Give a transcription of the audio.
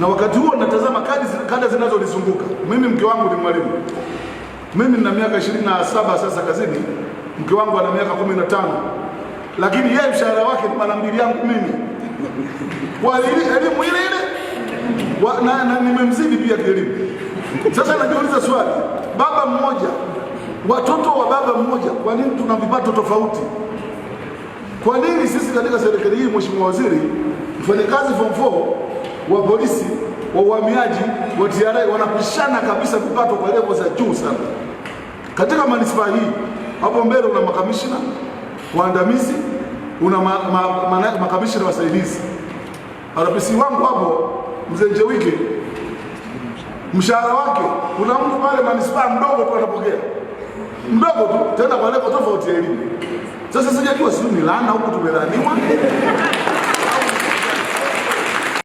na wakati huo natazama kada zinazolizunguka. Mimi mke wangu ni mwalimu, mimi nina miaka ishirini na saba sasa kazini, mke wangu ana miaka kumi na tano lakini yeye mshahara wake ni mara mbili yangu mimi kwa elimu ile ile na, na nimemzidi pia kielimu. Sasa najiuliza swali, baba mmoja, watoto wa baba mmoja, kwa nini tuna vipato tofauti? Kwa nini sisi katika serikali hii, mheshimiwa waziri, mfanyakazi form wa polisi, wa uhamiaji, wa TRA wanapishana kabisa vipato kwa levo za juu sana katika manispaa hii. Hapo mbele una makamishina waandamizi, una ma, ma, ma, ma, makamishina wasaidizi. RPC wangu hapo mzee Njewike, mshahara wake kuna mtu pale manispaa mdogo tu anapokea mdogo tu, tena kwa levo tofauti ya elimu. Sasa sijajua, sijui ni laana huku tumelaaniwa